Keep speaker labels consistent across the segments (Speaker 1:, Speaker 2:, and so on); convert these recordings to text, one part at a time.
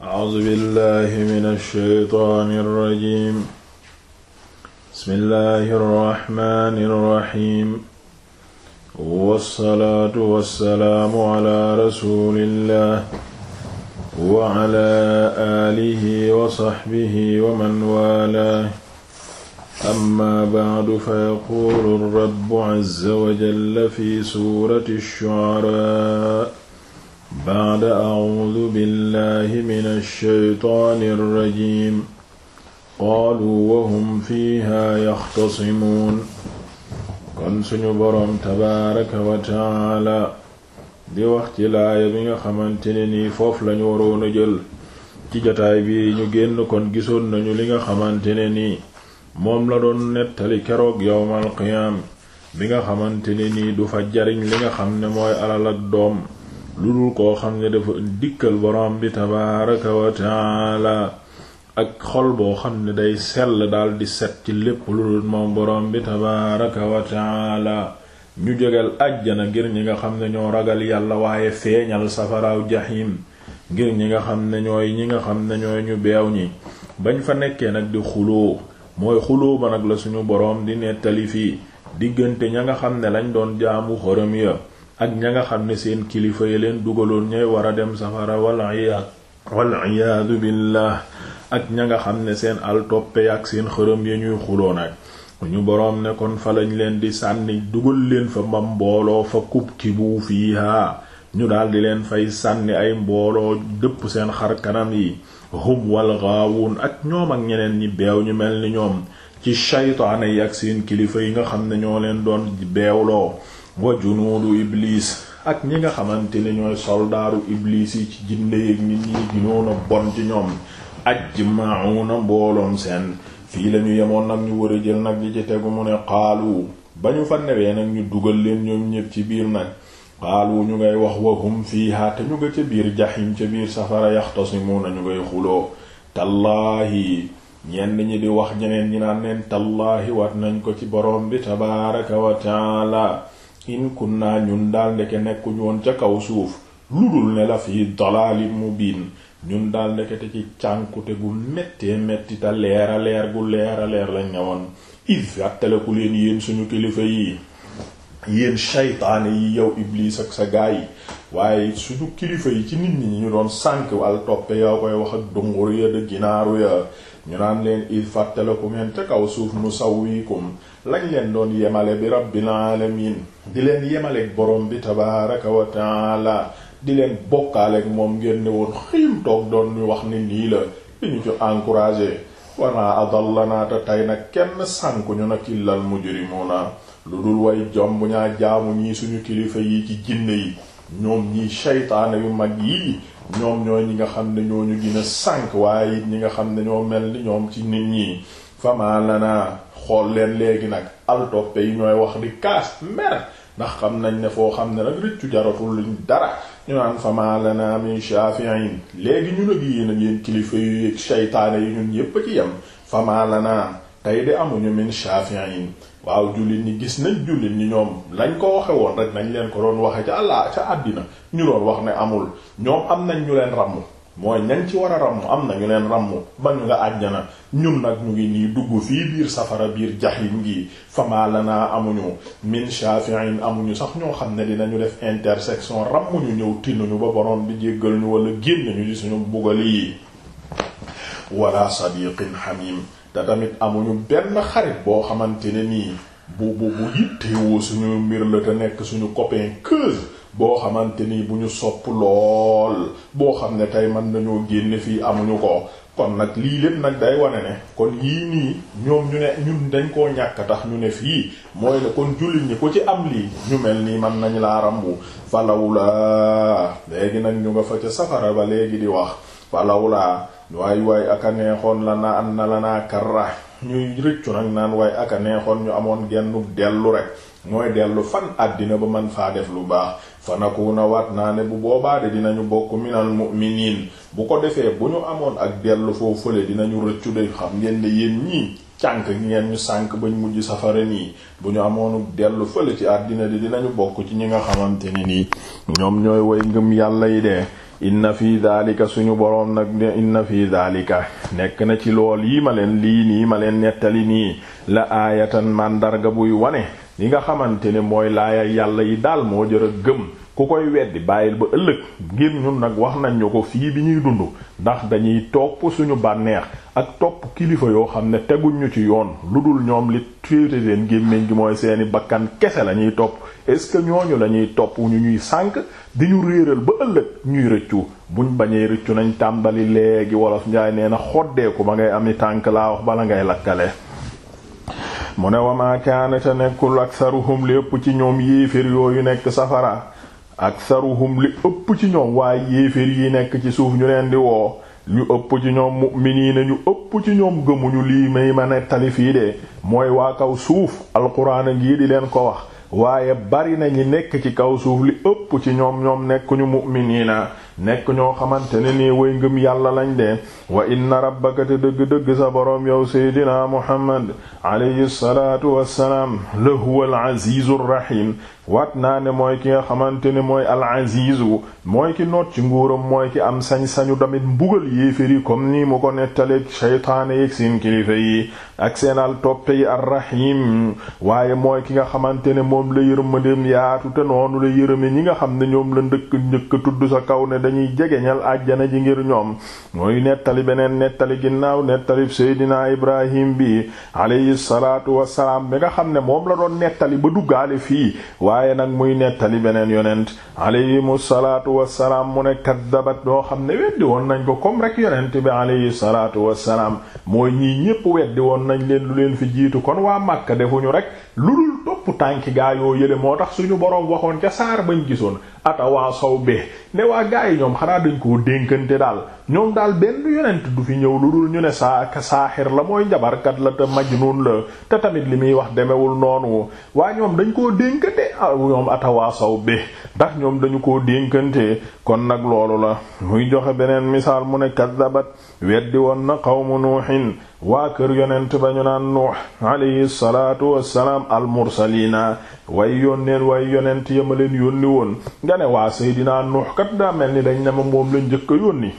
Speaker 1: A'uuzu billaahi mina shaytaani rajiim. Bismillaahi rahmaani rahiim. Wassalaatu wassalaamu alaa rasuulillaah wa alaa aalihi wa sahbihi wa man waalaah. Ammaa ba'du fayaquulu rabbu azza wa jalla fi suurati shu'araa. baada acuudu billahi min alsheytaani alrajim qaaluu wahum fiiha yaxtasimuun kon suñu boroom tabaaraka wa tacaala di wax ci laaya bi nga xamante ne nii foofu lañu waroon jël ci jataay bi ñu génn kon gisoon nañu li nga xamante ne nii moom la doon nettali keroog yowmal qiyaam bi nga xamante ne nii du fa jariñ li nga xam ne mooy alal ak doom lu dul koo xam ne dafa dikkal borom bi tabaaraka wa taala ak xol boo xam ne day sell daal di set ci lépp lu dul moom borom bi tabaaraka wa taala ñu jógal àjjana ngir ñi nga xam ne ñoo ragal yàlla waaye feeñal safaraaw jaxiim ngir ñi nga xam ne ñooy ñi nga xam ne ñooy ñu beew ñi bañ fa nekkee nag di xuloo mooy xuloo ba nag la suñu boroom di nettali fii diggante ña nga xam ne lañ doon jaamu xërëm ak ña nga xam ne seen kilifa yi leen dugaloon ñay war a dem safara wal iyaadu billah ak ña nga xam ne seen al toppe ak seen xërëm ya ñuy xuloon ak ñu boroom ne kon fa lañ leen di sànni dugal leen fa ba mbooloo fa kub ki bu fiihaa ñu daldi leen fay sànni ay mbooloo dëpp seen xar kanam yi hum wal gaawun ak ñoom ak ñeneen ñi beew ñu mel ni ñoom ci shaytaane yi ak seen kilifa yi nga xam ne ñoo leen doon beewloo wa junuudu iblis ak ñi nga xamante ne ñooy soldaaru iblis yi ci jinne yeek nit ñi ginoon a bon ci ñoom ajma'una mbooloom seen fii lañu yemoon nag ñu war a jël nag li ci tegu mu ne xaalu ba ñu fa newee nag ñu dugal leen ñoom ñépp ci biir nag xaalu ñu ngay wax wahum fiiha te ñu nga ca biir jaxim ca biir safara yaxtasimuuna ñu ngay xuloo tallaahi ñenn ñi di wax ñeneen ñi naan neen tallaahi wat nañ ko ci borom bi tabaaraka wa taala in naa ñun daal ndeke nekkuñu woon ca kaw suuf lu dul ne la fii dalaalin mubiin ñun daal ndekete ci cànkute gu méttee métti te leer gu leer leer lañ ñëwoon id fàttaleku leen yéen suñu kilifa yi yéen shaytaane yi yow iblis ak sa gaa yi waaye suñu kilifa yi ci nit ñi ñu doon sànk wal toppe yow koy wax ak dungur ya de ginaaru ya ñu naan leen il fàttaliku ngeen ca kaw suuf nu sawwiikum lañ leen doon yemale bi rabbil alamin di leen yemaleeg borom bi tabaaraka wa taala di leen bokkaaleeg moom ngeen ne woon xiim toog doon ñu wax ni nii la di ñu ci encouragé wana adallana te tey nag kenn sànku ñu nag illal mujrimuna lu dul way jomb ñaa jaamu ñii suñu kilifa yi ci jinne yi ñoom ñii shaytaane yu mag yi ñoom ñooy ñi nga xam ne ñoo ñu gën a waaye it ñi nga xam ne ñoo mel ni ñoom ci nit ñi fama lana xool leen léegi nag altoppe yi ñooy wax di kaas mer ndax xam nañ ne foo xam ne nag rëccu jaratul luñ dara ñu naan fama lana min shafi'in léegi ñu nag yéen ak kilifa yu yéeg seytaane yi ñun yépp ci yem fama naa tey de amuñu min shafi'in waaw jullit ñi gis nañ jullit ñi ñoom lañ ko waxe woon rek nañ leen ko doon waxe ca àllaa ca àddina ñu doon wax ne amul ñoom am nañ ñu leen ràmm mooy ñañ ci war a ràmm am nañu leen ràmm ba ñu nga àjjana ñun nag ñu ngi nii dugg fii biir safara biir jahim gi fama lanaa amuñu min shafi'in amuñu sax ñoo xam ne dinañu def intersection ñu ñëw tinuñu ba borom bi jéggal ñu wala génn ñu ci suñu bugal yi wala sadiqin te tamit amuñu benn xarit boo xamante ne nii bu bu bu yittewoo suñu mbir la te nekk suñu copain keuse boo xamante ni bu ñu sopp lool boo xam ne tey mën nañoo génne fii amuñu ko kon nag lii lépp nag day wane ne kon yii nii ñoom ñu ne ñun dañ koo ñàkk tax ñu ne fii mooy ne kon jullit ñi ku ci am lii ñu mel nii mën nañ laa rambu falaw la léegi nag ñu nga fa ca safara ba léegi di wax falawlaa waay waay aka neexoon la na an na la naa karra ñuy rëccu nag naan waay aka neexoon ñu amoon gennu dellu rek mooy dellu fan àddina ba man faa def lu baax fanakuna waat naa ne bu boobaa de dinañu bokk minal mu'miniin bu ko defee bu ñu amoon ak dellu foofu fële dinañu rëccu de xam ngeen ne yéen ñii cànk ngeen ñu sànk bañ mujj safara nii bu ñu amoon dellu fële ci àddina di dinañu bokk ci ñi nga xamante ne nii ñoom ñooy woy ngëm yàlla yi de inna fi daalika suñu boroom nag inna fi daalika nekk na ci lool yi ma leen lii nii ma leen nettali nii la aayatan màndarga buy wane yi nga xamante ne mooy laaya yàlla yi daal moo jër a gëm ku koy weddi bàyyil ba ëllëg ngir ñun nag wax nañ ñu ko fii bi ñuy dund ndax dañuy topp suñu bànneex ak topp kilifa yoo xam ne teguñu ci yoon lu dul ñoom li tuuti seen gémmiñ gi mooy seeni bakkan kese la ñuy topp est-ce que ñooñu lañuy ñuy topp ñu ñuy sànk di ñu réeral ba ëllëg ñuy rëccu buñ bañee rëccu nañ tàmbali léegi wolof njaay nee na xoddeeku ba ngay ami tànk laa wax bala ngay lakkale mu ne wa maa kaana te nekkul aksaruhum li ëpp ci ñoom yéefér yooyu nekk safara aksaruhum li ëpp ci ñoom waaye yéefér yi nekk ci suuf ñu leen di woo ñu ëpp ci ñoom mu'miniina ñu ëpp ci ñoom gëmuñu lii may ma nettali fii de mooy waa kaw suuf alquraana ngii di leen ko wax waaye bari na ñi nekk ci kaw suuf li ëpp ci ñoom ñoom nekkuñu mu'miniina nekk ñoo xamante ne nii way ngëm yàlla lañ de wa inna rabbaka te dëgg-dëgg sa boroom yow seydina muhammad alayhi salaatu wassalaam la huwa al azizu rahim waat naa ne mooy ki nga xamante ne mooy al azizu mooy ki noot ci nguuram mooy ki am sañ-sañu damit mbugal yéeféri comme nii mu ko nettaleeg shaytaane yeeg seen kilifa yi ak seen al toppe yi ar rahim waaye mooy ki nga xamante ne moom la yërmandeem yaatu te noonu la yërëme ñi nga xam ne ñoom la ndëkk njëkk tudd sa kaw ñuy dañuy jegeñal àjjana ji ngir ñoom mooy nettali beneen nettali ginnaaw nettali seydinaa ibrahim bi alayhi salaatu wassalaam bi nga xam ne moom la doon nettali ba duggaale fii waaye nag muy nettali beneen yonent alayhimu salaatu wassalaam mu ne kaddabat doo xam ne weddi woon nañ ko kom rek yonent bi alayhi salaatu wassalaam mooy ñii ñépp weddi woon nañ leen lu leen fi jiitu kon waa Makka defuñu rek lu dul topp tànki gaa yoo yële moo tax suñu boroom waxoon ca saar bañ gisoon atawaasaw be ne waa gaa ñoom xanaa dañ ko dénkante daal ñoom daal benn yonent du fi ñëw lu dul ñu ne saa saaxir la mooy njabarkat la te majnuun la te tamit li muy wax demewul noonu waa ñoom dañ koo dénkante ah ñoom atawaasaw be ndax ñoom dañu ko dénkante kon nag loolu la muy joxe beneen misaal mu ne kaddabat weddi woon na qawmu nuuhin waa kër yonent ba ñu naan nuux alayhi salaatu wassalaam al mursaliina way yónneen way yonent yama leen yónni woon nga ne waa Seydina Nuux kat daa ni dañ ne ma moom la njëkk a yónni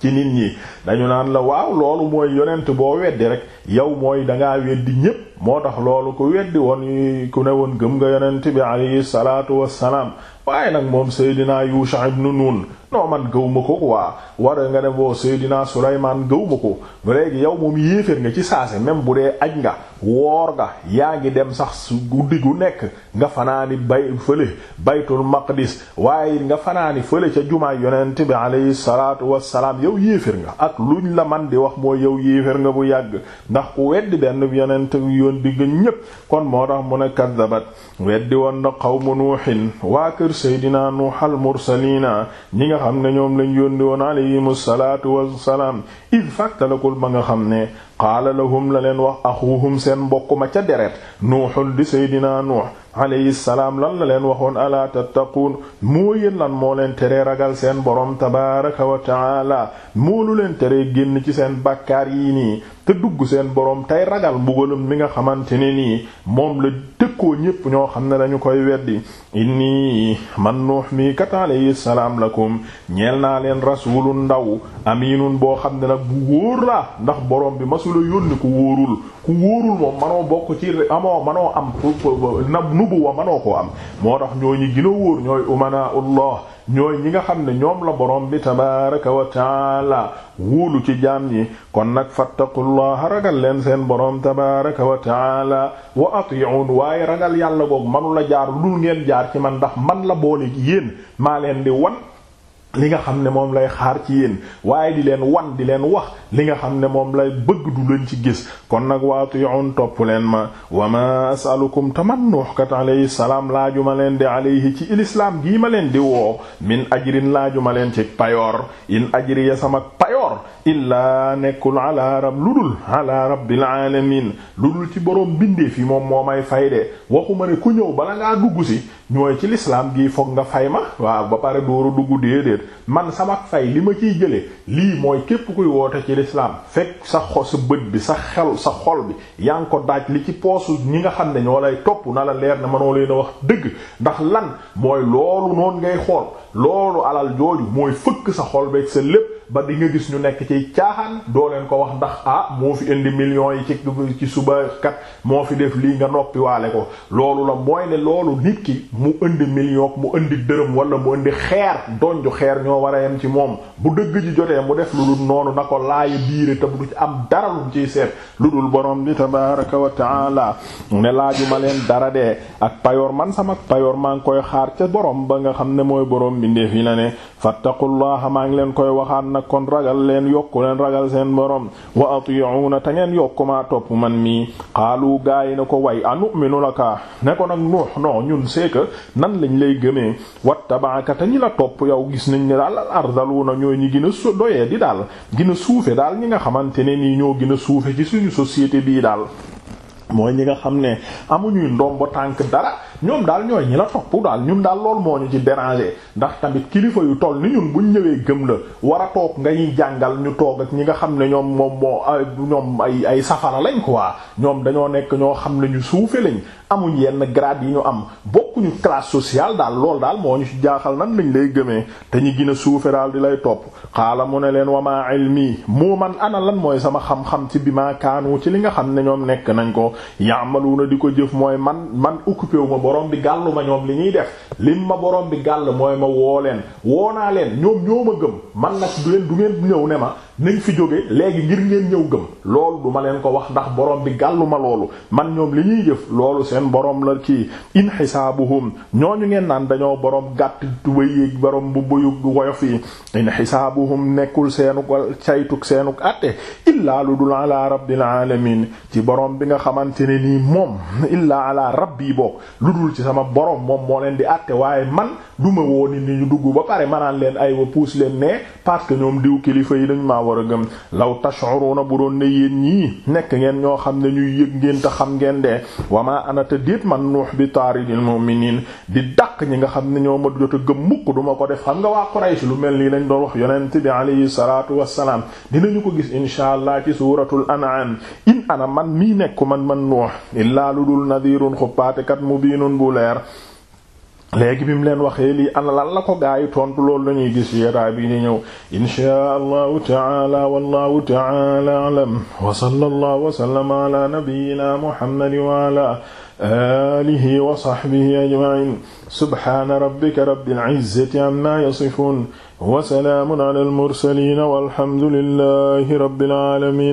Speaker 1: ci nit ñi dañu naan la waaw loolu mooy yonent boo weddi rek yow mooy dangaa weddi ñépp moo tax loolu ku weddi woon yi ku ne woon gëm nga yonent bi alayhi salaatu wassalaam waaye nag moom Seydina Yusha ibn Nun non man gëw ma ko waa war nga ne boo Seydina Sulaymaan gëw ma ko léegi yow moom yéeféer nga ci saase même bu dee aj nga woor ga yaa ngi dem sax su guddi gu nekk nga fanaani bay fële baytul maqdis waaye nga fanaani fële ca jumaa yonent bi alayhi salaatu wassalaam yow yéeféer nga ak luñ la man di wax mooy yow yéeféer nga bu yàgg ndax ku doon digg ñépp kon moo tax mu ne kaddabat weddi woon na qawmu nuuhin waa kër seydinaa nuux al mursaliina ñi nga xam ne ñoom lañ yónni woon alayhimu salaatu wassalaam id fàttalakul ba nga xam ne qaala la leen wax axuuhum seen mbokk ma ca deret nuuhun di seydinaa nuux alayhi salaam lan leen waxoon alaa tattaquun moo yéen lan moo leen teree ragal seen boroom tabaaraka wa taala moo lu leen teree génn ci seen bakkaar yi nii te dugg seen boroom tey ragal mbugalum mi nga xamante ni nii moom la dëkkoo ñépp ñoo xam ne dañu koy weddi inni man nuux mi kat alayhi salaam lakum ñeel naa leen rasuulun ndaw amiinun boo xam ne nag bu wóor laa ndax borom bi masula yónni ku wóorul ku wóorul moom manoo bokk ci amoo manoo am nubuwa manoo ko am moo tax ñoo ñi gën a wóor ñooy umanaullah ñooy ñi nga xam ne ñoom la boroom bi tabaraka wa taala wóolu ci jaam ñi kon nag fattaqullaha ragal leen seen boroom tabaraka wa taala wa ati'un waaye ragal yàlla goog manu la jaar lu ngeen jaar ci man ndax man la boole yéen maa leen di wan li nga xam ne moom lay xaar ci yéen waaye di leen wan di leen wax li nga xam ne moom lay bëgg du leen ci gis kon nag waatu yoon topp leen ma wa ma asalukum taman nuuxkat alayhi salaam laaju ma leen di alayhi ci lislaam gii ma leen di woo min ajrin laaju ma leen ci payoor in ajriya sama payoor illaa nekkul ala rab lu dul ala rabbil alamin lu dul ci boroom bindeef yi moom moo may fay de waxuma ne ku ñëw bala ngaa dugg si ñooy ci lislaam gii foog nga fay ma waaw ba pare dooru dugg man sama fay li ma ciy jëlee lii mooy képp kuy woote ci lislaam fekk sa xo sa bët bi sa xel sa xol bi yaa ngi ko daaj li ci poosu ñi nga xam ne ñoo lay topp na la leer ne mënoo leen a wax dëgg ndax lan mooy loolu noonu ngay xool loolu alal jooju mooy fëkk sa xol be sa lépp ba di nga gis ñu nekk ci caaxaan doo leen ko wax ndax ah moo fi indi millions yi ci ci suba kat moo fi def lii nga noppiwaale ko loolu la mooy ne loolu nit ki mu indi million mu indi dërëm wala mu indi xeer donju xeer ñoo war a ci moom bu dëgg ji jotee mu def lu dul noonu na ko laayu biire te du ci am dara lu ciy seet lu dul borom bi tabaraka wa taala ne laaju ma leen dara dee ak payoor man sama payoor maa ngi koy xaar ca borom ba nga xam ne mooy borom bi ndeef yi ne kon ragal leen yokku leen ragal seen borom wa ati'una te ngeen yokku maa topp man mii xaalu gaa yi na ko way anu'minu laka ne ko nag nuux non ñun c'est nan lañ lay gëmee wattaba'aka te ñi la topp yow gis nañ ne daal al-arzaluna ñoo ñi gën a doyee di daal gën a suufe daal ñi nga xamante ne nii ñoo gën a suufe ci suñu société bii daal mooy ñi nga xam ne amuñuy ndomb tànk dara ñoom daal ñooy ñi la topp daal ñun daal lool moo ñu ci déranger ndax tamit kilifa yu toll ni ñun buñ ñëwee gëm la war a toog ngay jàngal ñu toog ak ñi nga xam ne ñoom moom moo ñoom ay ay safara lañ quoi ñoom dañoo nekk ñoo xam ne ñu suufe lañ amuñ yenn grade yi ñu am bokkuñu classe sociale daal lool daal moo ñu ci jaaxal nan lañ lay gëmee te ñu gën suufe daal di lay topp xaala mu ne leen wama ilmi moo man ana lan mooy sama xam-xam ci bi ma kaanu ci li nga xam ne ñoom nekk nañ ko yaamalu na di ko jëf mooy man man occupé wu ma borom bi gàll ma ñoom li ñuy def lim ma borom bi gàll mooy ma woo leen woo naa leen ñoom ñoo ma gëm man nag du leen du ngeen ñëw ne ma nañ fi jóge léegi ngir ngeen ñëw gëm loolu du ma leen ko wax ndax boroom bi gàlluma loolu man ñoom li ñuy jëf loolu seen borom la ci inxisaabuhum ñooñu ngeen naan dañoo boroom gàtt tubéy tubay yi borom bu bëyu woyof yi inxisaabuhum nekkul seenu seenuk saytuk seenuk atte illaa lu dul ala rabbil alamin ci borom bi nga xamante ne nii moom illaa ala rabbi boog lu dul ci sama borom moom moo leen di atte waaye man duma wooni ni ñu dugg ba pare manaan leen leen ne parce que kilifa yi dañu ma war a gëm law tash'uruna bu doon ne yéen ñii nekk ngeen ñoo xam ne ñuy yëg ngeen xam ngeen de wamaa anata déet man nuux bi taaridil mu'minin di dàq ñi nga xam ne ñoo ma jot a gëm mukk duma ko def xam nga waa Quraysh lu mel nii lañ doon wax yonent bi alayhi salaatu wassalaam dinañu ko gis insha allah ci suuratul an'am in ana man mii nekku man man nuux illaa lu dul nadiirun xuppaatekat mubiinun bu leer léegi bi mu leen waxee lii ana lan la ko gaayu tontu loolu la ñuy gis yétaay bi di ñëw inchaa allahu taala wallahu taala alam wa sallallahu wa sallama ala nabiyyina muhammadin wa ala alihi wa sahbihi ajma'in subhana rabbika rabbil izzati amma yasifun wa salamun ala al mursalin walhamdulillahi rabbil alamin